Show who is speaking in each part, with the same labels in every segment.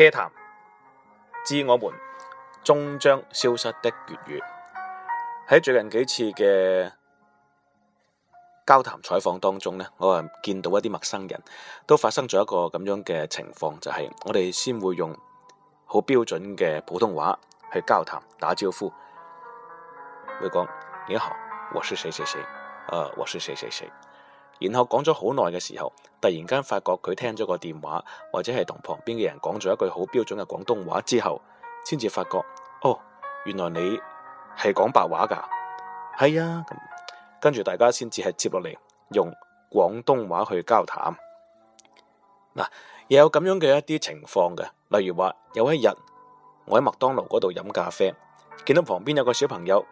Speaker 1: 車談，致我們終將消失的粵語。喺最近幾次嘅交談採訪當中呢，我啊見到一啲陌生人，都發生咗一個咁樣嘅情況，就係、是、我哋先會用好標準嘅普通話去交談、打招呼，會講你好，我是誰誰誰，誒、啊，我是誰誰誰。然後講咗好耐嘅時候，突然間發覺佢聽咗個電話，或者係同旁邊嘅人講咗一句好標準嘅廣東話之後，先至發覺哦，原來你係講白話噶，係啊，跟住大家先至係接落嚟用廣東話去交談。嗱，又有咁樣嘅一啲情況嘅，例如話有一日我喺麥當勞嗰度飲咖啡，見到旁邊有個小朋友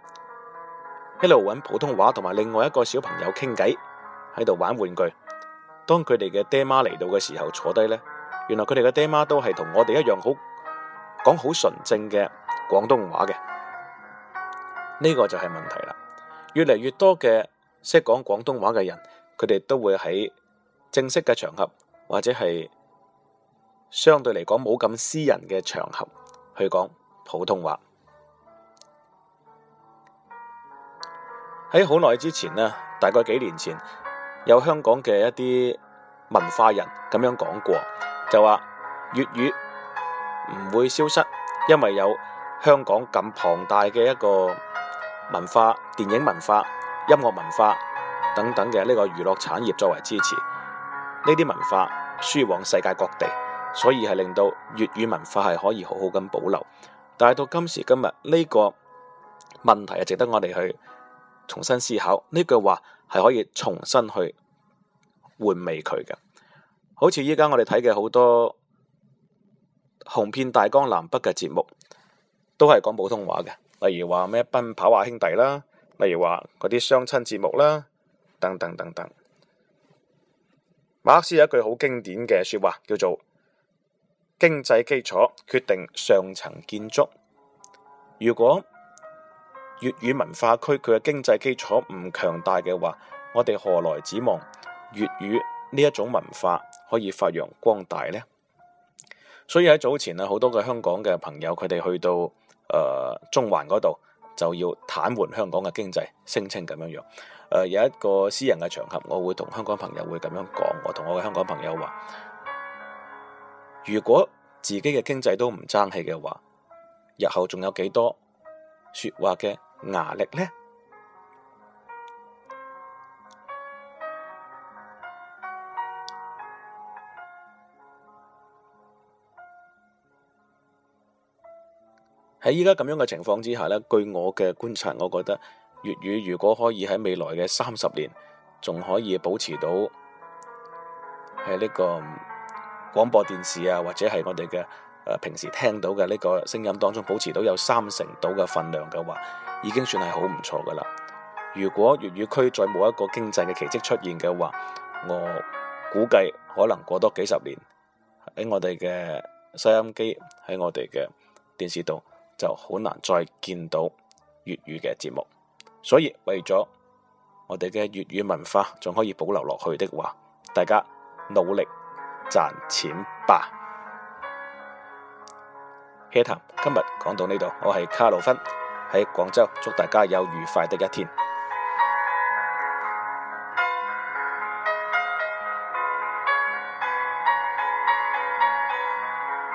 Speaker 1: 一路揾普通話同埋另外一個小朋友傾偈。喺度玩玩具。當佢哋嘅爹媽嚟到嘅時候，坐低咧，原來佢哋嘅爹媽都係同我哋一樣好講好純正嘅廣東話嘅。呢個就係問題啦。越嚟越多嘅識講廣東話嘅人，佢哋都會喺正式嘅場合，或者係相對嚟講冇咁私人嘅場合，去講普通話。喺好耐之前呢，大概幾年前。有香港嘅一啲文化人咁樣講過，就話粵語唔會消失，因為有香港咁龐大嘅一個文化、電影文化、音樂文化等等嘅呢個娛樂產業作為支持，呢啲文化輸往世界各地，所以係令到粵語文化係可以好好咁保留。但係到今時今日，呢個問題係值得我哋去重新思考呢句話。係可以重新去換味佢嘅。好似依家我哋睇嘅好多紅遍大江南北嘅節目，都係講普通話嘅，例如話咩奔跑吧兄弟啦，例如話嗰啲相親節目啦，等等等等。馬克思有一句好經典嘅説話，叫做經濟基礎決定上層建築。如果粵語文化區佢嘅經濟基礎唔強大嘅話，我哋何來指望粵語呢一種文化可以發揚光大呢？所以喺早前啊，好多嘅香港嘅朋友，佢哋去到誒、呃、中環嗰度，就要癱瘓香港嘅經濟，聲稱咁樣樣。誒、呃，有一個私人嘅場合，我會同香港朋友會咁樣講，我同我嘅香港朋友話：如果自己嘅經濟都唔爭氣嘅話，日後仲有幾多說話嘅？壓力呢，喺依家咁樣嘅情況之下咧，據我嘅觀察，我覺得粵語如果可以喺未來嘅三十年，仲可以保持到喺呢個廣播電視啊，或者係我哋嘅，誒，平時聽到嘅呢個聲音當中保持到有三成度嘅份量嘅話，已經算係好唔錯㗎啦。如果粵語區再冇一個經濟嘅奇蹟出現嘅話，我估計可能過多幾十年，喺我哋嘅收音機、喺我哋嘅電視度就好難再見到粵語嘅節目。所以為咗我哋嘅粵語文化仲可以保留落去嘅話，大家努力賺錢吧。希 e 今日講到呢度，我係卡魯芬喺廣州，祝大家有愉快的一天。